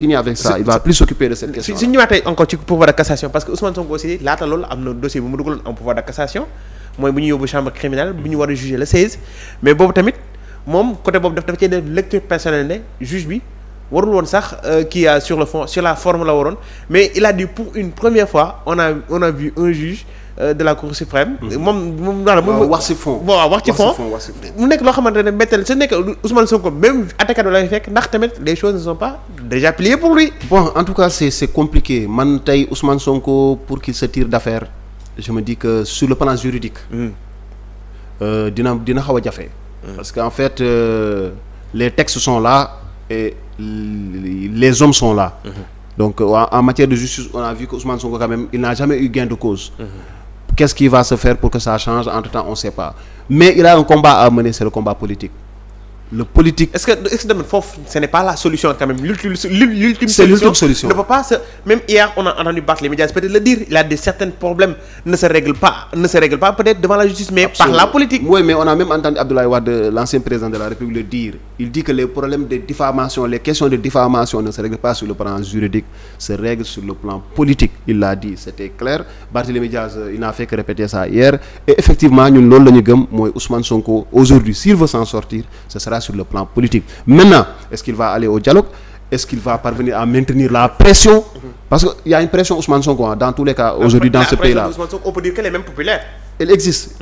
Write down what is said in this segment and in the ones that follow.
fini avec ça il va su ñu ñëwaatee encore ci pouvoir de cassation parce que Ousmane Sonko aussi laata loolu am na dossier bu mu dugaloon en pouvoir de cassation mooy bu ñu yóbbu chambre criminelle bu ñu war a juger le 16 mais boobu tamit moom côté boobu daf dafa cee def lecture personnelle ne juge bi warul woon sax euh, kii a sur le fond sur la forme la waroon mais il a dit pour une première fois on a on a vu un juge euh, de la cour suprême. Mhm. moom moom daal wax ci fond waaw wax ci fond mu nekk loo xamante ne méttal su nekk Ousmane Sonko même attaqué la fekk ndax tamit les choses ne sont pas déjà pliées pour lui. bon en tout cas c'est compliqué man tey Ousmane Sonko pour qu'il se tire d'affaire je me dis que sur le plan juridique. Hmm. Euh, dina dina xaw a jafe. Hmm. parce que en fait euh, les textes sont les hommes sont là. Donc euh, en matière de justice, on a vu qu'Ousmane Sonko quand même, il n'a jamais eu gain de cause. Qu'est-ce qui va se faire pour que ça change? Entre-temps, on sait pas. Mais il a un combat à mener, c'est le combat politique. le politique. est-ce que est foofu ce n'est pas la solution l'ultime solution, l'ultime pas se même hier on a entendu Barthélémy Dias peut-être le dire il a des certains problèmes ne se règlent pas ne se règlent pas peut-être devant la justice mais par la politique mais on a même entendu Abdoulaye Wade l'ancien président de la République le dire il dit que les problèmes de diffamation les questions de diffamation ne se règlent pas sur le plan juridique se là sur le plan politique maintenant est-ce qu'il va aller au dialogue est-ce qu'il va parvenir à maintenir la pression mm-hmm. parce que il a une pression Ousmane Sonko dans tous les cas aujourd'hui dans ce pays là mm-hmm.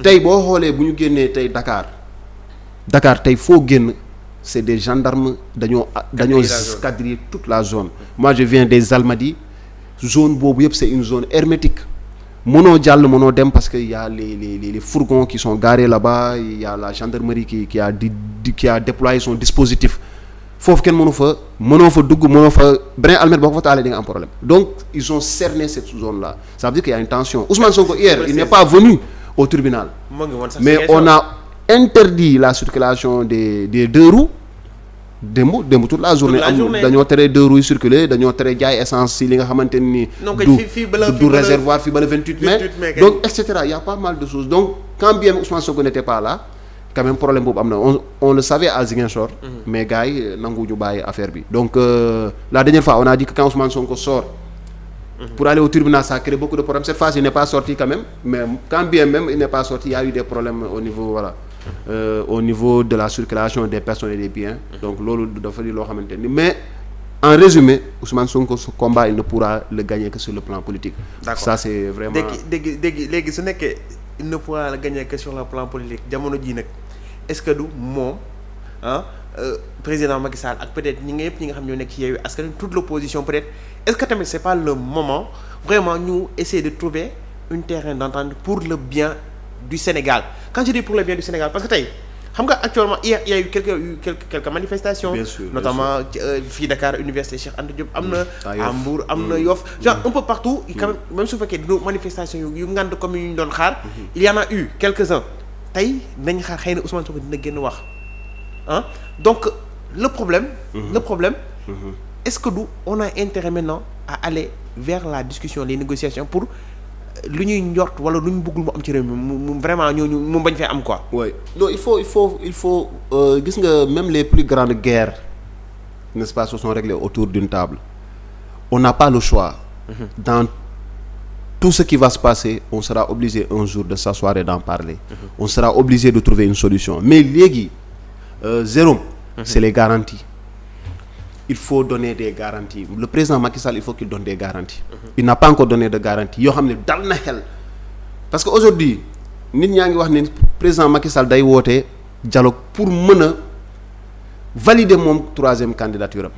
tey boo xoolee bu ñu génnee tey Dakar Dakar tey foo génn c'est des gendarmes dañoo dañoo quadriller toute la zone moi je viens des Almadies zone boobu yëpp c'est une zone hermétique mënoo jàll mënoo dem parce que y a les les les fourgons qui sont garés a a qui a déployé son dispositif foofu kenn mënu fa mënoo fa dugg mënoo fa brin almet boo ko fa taalee di am problème donc ils ont cerné cette zone là ça veut dire qu'il y a une tension Ousmane Sonko hier il n'est pas venu au tribunal mais on a interdit la circulation des des deux roues démb la journée am dañoo tere deux circuler dañoo tere jaay essence si li nga xamante ni du réservoir fii ba le donc et cetera a pas mal de choses donc quand bien quand même problème boobu am na on on le savait à mhm. mais gars yi nanguwuñu bàyyi affaire bi. donc euh, la dernière on a dit que quand Ousmane Sonko sort. Mhm. pour aller au tribunal ça crée beaucoup de problèmes cette phase il n'est pas sorti quand mais quand bien même il n'est pas sorti il y a au niveau voilà euh, au niveau de la circulation des personnes et des biens mhm. donc loolu dafa di loo xamante ni mais en résumé Ousmane Sonko ce combat il ne pourra le gagner que sur le plan politique d'accord ça c'est vraiment dégg dégg dégg est-ce que du moom ah président Macky Sall ak peut-être ñi nga yëpp ñi nga xam ñoo nekk ci Yewwi Askan Wi toute l'opposition peut-être est tamit c'est pas le moment vraiment ñu essayer de trouver un terrain d'entente pour le bien du Sénégal quand je dis pour le bien du Sénégal parce que tey xam nga actuellement il y a eu quelques quelques quelques manifestations bien sûr, notamment euh, fii Dakar université Cheikh Anta Diop am na mm, à Mbour am na mm, Yoff mm. genre un peu partout quand même su fekkee dina manifestation yu yu comme yu ñu doon xaar mm-hmm. il y en eu quelques-uns tey nañ xaar xëy na Ousmane Sonko dina génn wax ah donc le problème. Mmh. le problème. Mhm. est-ce que du on a intérêt maintenant à aller vers la discussion les négociations pour lu ñuy njort wala lu ñu bëggul mu am ci réew mi mu vraiment ñooñu mu bañ fee am quoi. oui non il faut il faut il faut euh, gis nga même les plus grandes guerres n'est-ce pas se sont réglées autour d'une table on n'a pas le choix. Mhm. tout ce qui va se passer on sera obligé un jour de s'asseoir et d'en parler mhm. on sera obligé de trouver une solution mais léegi euh, zéro mhm. c'est les garanties il faut donner des garanties le président Macky Sall il faut qu'il donne des garanties mhm. il n'a pas encore donné de garanties yoo xam ne dal na xel parce que aujourd'hui nit ñaa ngi wax ne président Macky Sall day woote dialogue pour mën a valider moom troisième candidature am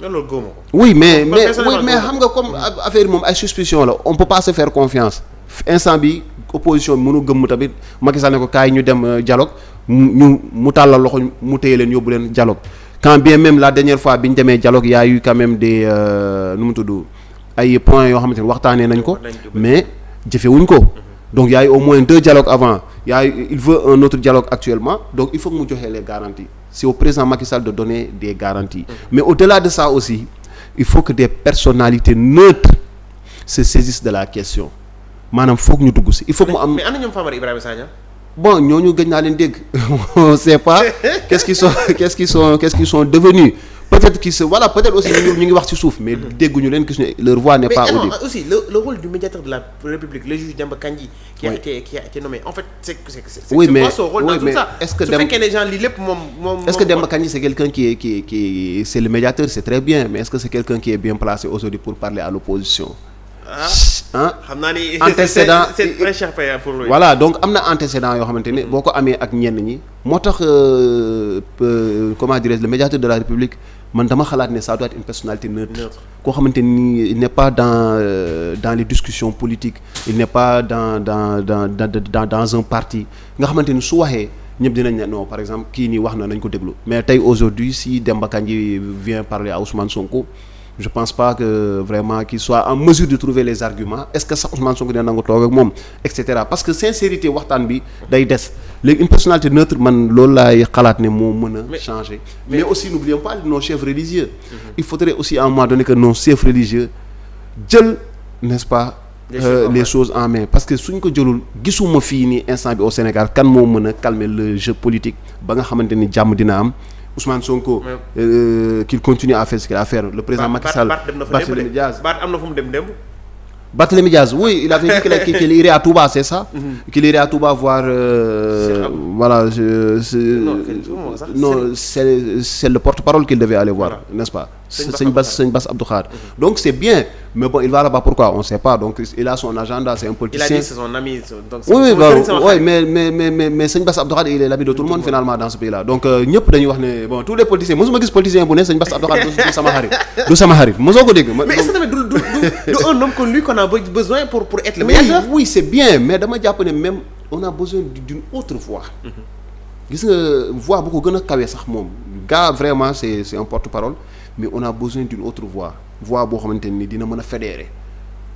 oui mais mais oui mais xam nga comme affaire moom ay suspicion la on peut pas se confiance instant bi opposition bi mënu gëmm tamit Macky Sall ne ko kaay ñu dem euh, dialogue ñu mu tàllal loxo mu téye leen yóbbu leen dialogue quand bien même la dernière fois bi ñu demee dialogue y a eu quand même des euh, mu tudd ay points yoo xamante ne waxtaanee nañ ko mais jëfewuñ ko donc yaay a eu au moins deux dialogues avant y a il veut un autre dialogue actuellement donc il faut mu joxee les garanties c'est au président Macky Sall de donner des garanties mais au-delà de ça aussi il faut que des personnalités neutres se saisissent de la question maanaam foog ñu dugg si il faut mu am mais ana ñoom Famara Ibrahima Sagna bon ñooñu gëj naa leen dégg on sait pas qu'est-ce qu'ils sont qu'est-ce qu'ils sont qu'est-ce qu'ils devenus peut-être qui se voilà peut-être aussi ñu ngi wax ci suuf mais dégguñu leen leur voix n'est pas audible. mais le rôle du médiateur de la République le juge Demba Kandji. qui a été qui a été nommé en fait c'est c'est c'est que su fekkee ne gens lii lépp moom moom. est que Demba Kandji c'est quelqu'un qui est qui c'est le médiateur c'est très bien mais est que c'est quelqu'un qui est bien placé aujourd'hui pour parler à l'opposition ah xam naa ni antécédent c'est très cher voilà donc am na antécédent yoo xamante ne boo ko amee ak ñenn ñi moo tax euh, euh, comment dirais-je le médiateur de la République man dama xalaat ne saa doit une personnalité neutre koo xamante ni il n'est pas dans euh, dans les discussions politiques il n'est pas dans dans dans dans dans un parti nga xamante ni su waxee ñëpp dinañ ne non par exemple kii nii wax na nañ ko déglu mais tey aujourd'hui si Demba Kandji vient parler à Ousmane Sonko je pense pas que vraiment qu'il soit en mesure de trouver les arguments est-ce que sax Ousmane Sonko dina nangu toog ak moom et cetera parce que sincérité waxtaan bi day des léegi une personnalité neutre man loolu laay xalaat ne moo mën a changer mais aussi n'oublions pas nos chefs religieux mhm. il faudrait aussi à un moment donné que nos chefs religieux jël nest pas les euh, choses en mais parce que suñ ko jëlul gisuma fii ni instant bi au Sénégal kan moo mën a calmer le jeu politique ba nga xamante ni jàmm dina am Ousmane Sonko. Euh, qu'il continue à faire ce qu'il a à faire le président Macky Sall. Barthélémy Diaz Bart oui il avait dit que qu'il qu'il irait à Touba c'est ça. Mhm. qu'il irait à Touba voir. Euh, voilà non c'est le porte-parole qu'il devait aller voir n'est-ce pas. sëñ Bass sëñ Bass Abdou donc c'est bien mais bon il va là-bas pourquoi on sait pas donc il a son agenda c'est un politicien il mais mais mais mais mais sëñ Bass Abdou Khadre il est l'ami de tout le monde finalement dans pays là donc euh, ñëpp dañuy wax ne bon tous les politiciens mosuma gis politicien bu ne sëñ Bass Abdou du sama xarit du sama xarit mosoo ko dégg mais est-ce que tamit du du du un homme comme lui c'est bien mais dama jàpp ne même on a besoin d'une autre voix mm-hmm. gis nga voix bu ko gën a kawee sax moom gars vraiment c'est c'est un porte mais on a besoin d'une autre voix voix boo xamante ni dina mën a fédérer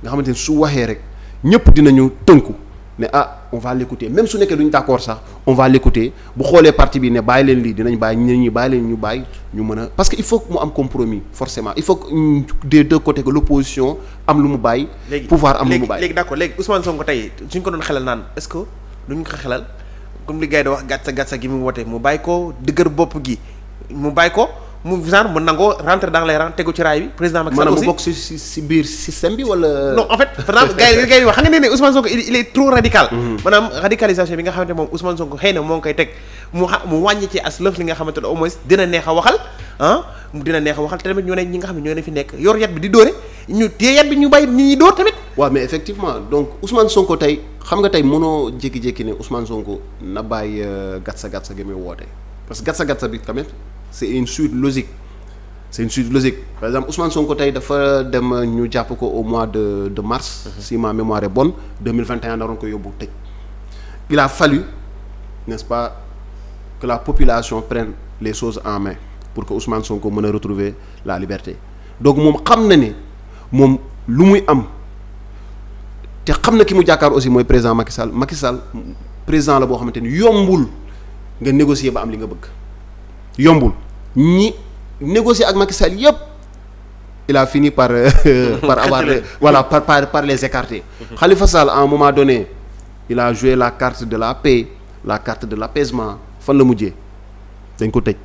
nga xamante ni su waxee rek ñëpp dinañu tënku ne ah on va l'écouter même su nekkee duñu d'accord sax on va l'écouter bu xoolee parti bi ne bàyyi leen lii dinañ bàyyi ñi ñi bàyyi ñu bàyyi ñu mën a parce que il faut que mu am compromis forcément il faut que des deux côtés que l'opposition am lu mu bàyyi pouvoir am lu mu bàyyi léegi d'accord léegi Ousmane Sonko tey suñ ko doon xelal naan est-ce que duñ ko xelal comme li gars wax gàtsa gàtsa gi mu woote mu bàyyi ko dëgër bopp gi mu bàyyi ko mu genre mu nangoo rentrer dans les rangs tegu ci raay bi président Macky Sall mu bokk si si si biir système bi wala. non en fait par exemple wax xam nga ne Ousmane Sonko il est trop radical. Mm-hmm. maanaam radicalisation bi nga moom Ousmane Sonko xëy nga xamante ne au moins dina neex a waxal ah a waxal te tamit ñoo ne ñi nga xam ne ñoo ne fi nekk yor yat bi di dóore ñu téye yat bi ñu bàyyi nit ñi dóor tamit. waaw mais effectivement donc Ousmane Sonko tey xam nga tey mënoo jékki-jékki ne Ousmane Sonko na bàyyi euh, gatsa gatsa gi muy woote parce que gatsa gatsa bi quand c'est une suite logique c'est une suite logique par exemple Ousmane Sonko tey dafa dem ñu jàpp ko au mois de de mars mhm. si ma mémoire est bonne 2021 naroon ko yóbbu tëj il a fallu n'est-ce pas que la population prenne les souse en main pour que Ousmane ko mën a retrouver la liberté donc moom xam na ni moom lu muy am te xam na ki mu jàkkaar aussi mooy président Macky Sall Macky Sall président la boo xamante ni yombul nga négocier ba am li nga bëgg yombul ñi négocier ak Macky Sall yëpp il a fini par euh, par avoir voilà par par par les écarter. Mhm. Khalifa Sall à un moment donné il a joué la carte de la paix la carte de l'apaisement fan la mujjee dañ ko tëj.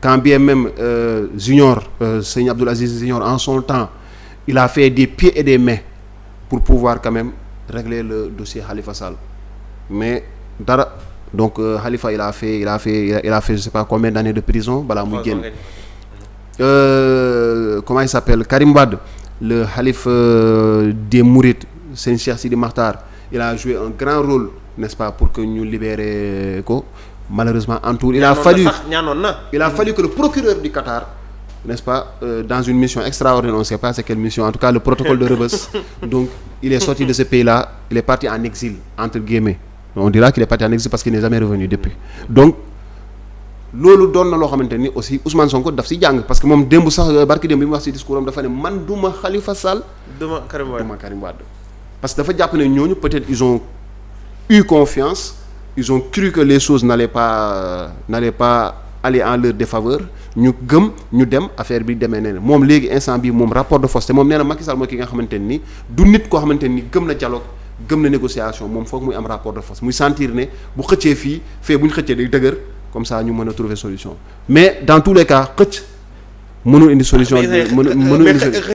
quand bien même euh, Junior euh, sëñ Abdoul Aziz Junior en son temps il a fait des pieds et des mai pour pouvoir quand même régler le dossier Khalifa Sall mais dara. donc xalifa euh, il a fait il a fait il a, il a je sais pas combien d'années de prison bala muy génn euh, comment il s'appelle Karim Wade le khalife euh, des Mourides Serigne Cheikh Sidi Makhtar il a joué un grand rôle n'est-ce pas pour que ñu libérer ko malheureusement en tout il a fallu il a fallu que le procureur du Qatar n'est-ce pas dans une mission extraordinaire on ne sait pas c'est quelle mission en tout cas le protocole de Rebeuss donc il est sorti de ce pays-là il est parti en exil entre guillemets on dira qu'il est parti en exil parce depuis donc loolu doon na loo xamante ni aussi Ousmane Sonko daf si jàng parce que moom démb sax euh, barki démb bi mu wax si discours am dafa ne man duma Khalifa Sall. parce que dafa jàpp ne ñooñu peut-être ils ont eu confiance ils ont cru que les choses n'allaient pas euh, n'allaient pas aller en leur défaveur ñu gëm ñu dem affaire bi demee nee na moom léegi instant bi moom rapport de force te moom nee na Macky mooy ki nga xamante ni du nit koo xamante ni gëm na dialogue gëm na négociation moom foog muy am rapport de force muy sentir ne bu xëccee fii fee bu ñu xëccee day dëgër comme ça ñu mën a trouver solution mais dans tous les cas xëcc mënul indi solution ah, mënul indi